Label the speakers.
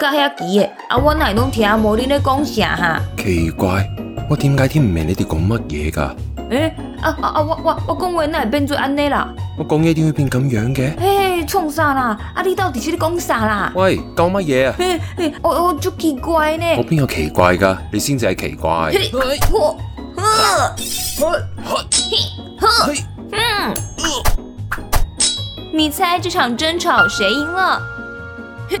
Speaker 1: 你奇怪，我點解聽唔明你哋講乜嘢噶？誒、欸，阿、啊、阿、啊、我我我講嘢點會變咁樣嘅？嘿，衝散啦！阿、啊、你到底識啲講散啦？喂，講乜嘢啊？嘿嘿、欸欸、我我足奇怪呢、欸？我邊有奇怪噶？你先至係奇怪。嘿，你猜這場爭吵誰贏了？嘿